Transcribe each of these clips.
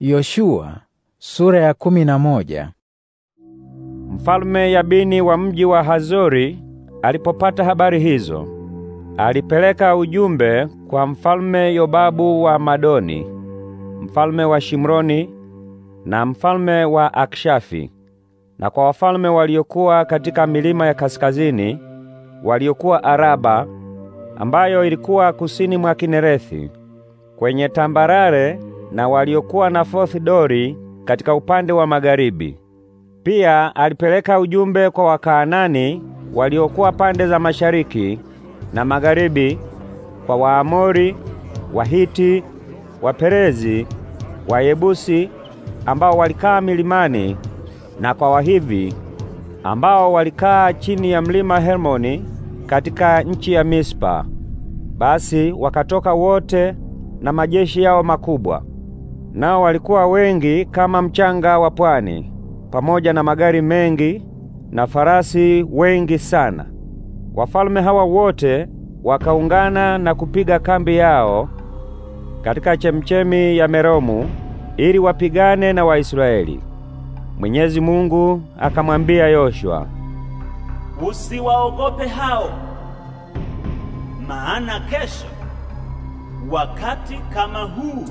Yoshua sura ya kumi na moja. Mfalme Yabini wa mji wa Hazori alipopata habari hizo, alipeleka ujumbe kwa mfalme Yobabu wa Madoni, mfalme wa Shimroni na mfalme wa Akshafi, na kwa wafalme waliokuwa katika milima ya kaskazini, waliokuwa Araba ambayo ilikuwa kusini mwa Kinerethi, kwenye tambarare na waliokuwa na Fourth Dori katika upande wa magharibi. Pia alipeleka ujumbe kwa Wakaanani waliokuwa pande za mashariki na magharibi, kwa Waamori, Wahiti, Waperezi, Wayebusi ambao walikaa milimani na kwa Wahivi ambao walikaa chini ya mlima Hermoni katika nchi ya Mispa. Basi wakatoka wote na majeshi yao makubwa nao walikuwa wengi kama mchanga wa pwani, pamoja na magari mengi na farasi wengi sana. Wafalme hawa wote wakaungana na kupiga kambi yao katika chemchemi ya Meromu ili wapigane na Waisraeli. Mwenyezi Mungu akamwambia Yoshua, usiwaogope hao, maana kesho wakati kama huu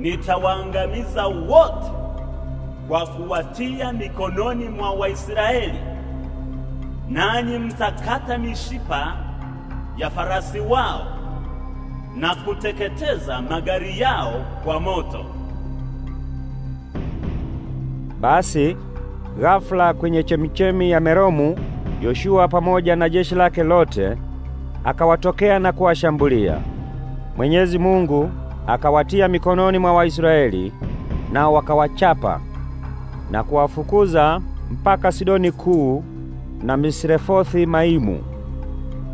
nitawaangamiza wote kwa kuwatia mikononi mwa Waisraeli, nanyi mtakata mishipa ya farasi wao na kuteketeza magari yao kwa moto. Basi ghafla kwenye chemichemi ya Meromu, Yoshua pamoja na jeshi lake lote akawatokea na kuwashambulia. Mwenyezi Mungu akawatia mikononi mwa Waisraeli, nao wakawachapa na kuwafukuza mpaka Sidoni kuu na Misrefothi Maimu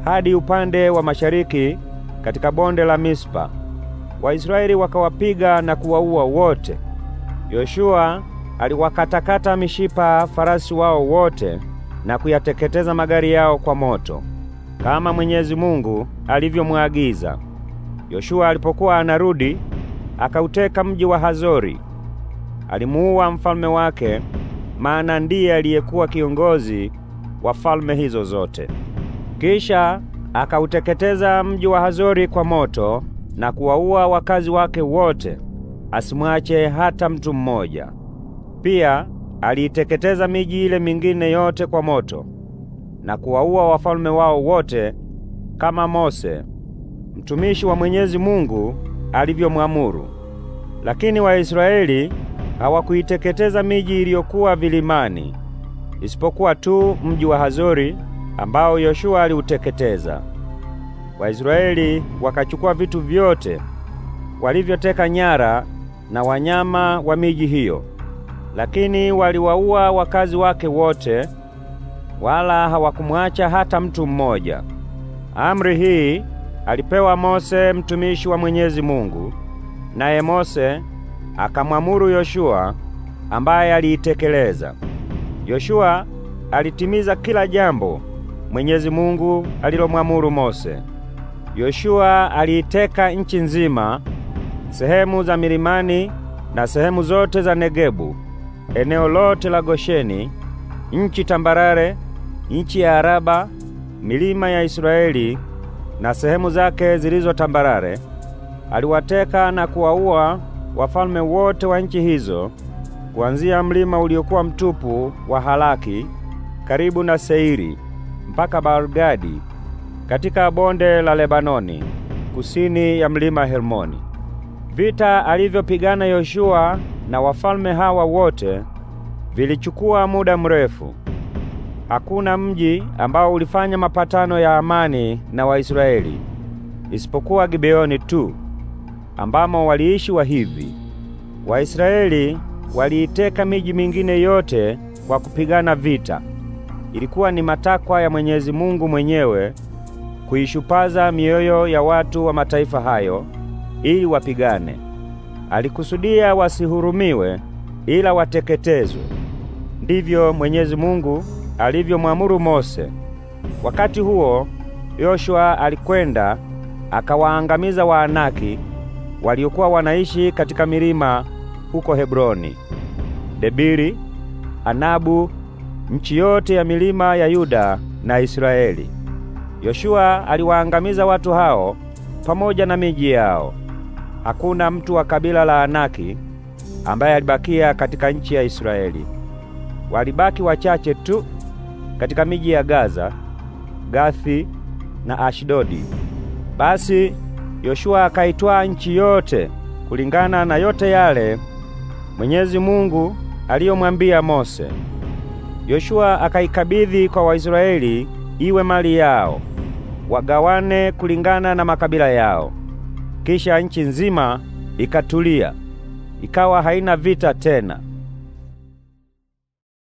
hadi upande wa mashariki katika bonde la Mispa. Waisraeli wakawapiga na kuwaua wote. Yoshua aliwakatakata mishipa farasi wao wote na kuyateketeza magari yao kwa moto kama Mwenyezi Mungu alivyomwagiza. Yoshua alipokuwa anarudi, akauteka mji wa Hazori. Alimuua mfalme wake, maana ndiye aliyekuwa kiongozi wa falme hizo zote. Kisha akauteketeza mji wa Hazori kwa moto na kuwaua wakazi wake wote, asimwache hata mtu mmoja. Pia aliiteketeza miji ile mingine yote kwa moto na kuwaua wafalme wao wote kama Mose mtumishi wa Mwenyezi Mungu alivyomwamuru. Lakini Waisraeli hawakuiteketeza miji iliyokuwa vilimani, isipokuwa tu mji wa Hazori ambao Yoshua aliuteketeza. Waisraeli wakachukua vitu vyote walivyoteka nyara na wanyama wa miji hiyo, lakini waliwaua wakazi wake wote, wala hawakumwacha hata mtu mmoja. Amri hii alipewa Mose mtumishi wa Mwenyezi Mungu, naye Mose akamwamuru Yoshua ambaye aliitekeleza. Yoshua alitimiza kila jambo Mwenyezi Mungu alilomwamuru Mose. Yoshua aliiteka nchi nzima, sehemu za milimani na sehemu zote za Negebu, eneo lote la Gosheni, nchi tambarare, nchi ya Araba, milima ya Israeli na sehemu zake zilizo tambarare. Aliwateka na kuwaua wafalme wote wa nchi hizo kuanzia mlima uliokuwa mtupu wa Halaki karibu na Seiri mpaka Balgadi katika bonde la Lebanoni kusini ya mlima Hermoni. Vita alivyopigana Yoshua na wafalme hawa wote vilichukua muda mrefu. Hakuna mji ambao ulifanya mapatano ya amani na Waisraeli isipokuwa Gibeoni tu ambamo waliishi wa hivi Waisraeli waliiteka miji mingine yote kwa kupigana vita. Ilikuwa ni matakwa ya Mwenyezi Mungu mwenyewe kuishupaza mioyo ya watu wa mataifa hayo ili wapigane. Alikusudia wasihurumiwe ila wateketezwe. Ndivyo Mwenyezi Mungu alivyomwamuru Mose. Wakati huo Yoshua alikwenda akawaangamiza Waanaki waliokuwa wanaishi katika milima huko Hebroni, Debiri, Anabu, nchi yote ya milima ya Yuda na Israeli. Yoshua aliwaangamiza watu hao pamoja na miji yao. Hakuna mtu wa kabila la Anaki ambaye alibakia katika nchi ya Israeli. Walibaki wachache tu katika miji ya Gaza, Gathi na Ashdodi. Basi Yoshua akaitwaa nchi yote kulingana na yote yale Mwenyezi Mungu aliyomwambia Mose. Yoshua akaikabidhi kwa Waisraeli iwe mali yao, wagawane kulingana na makabila yao. Kisha nchi nzima ikatulia, ikawa haina vita tena.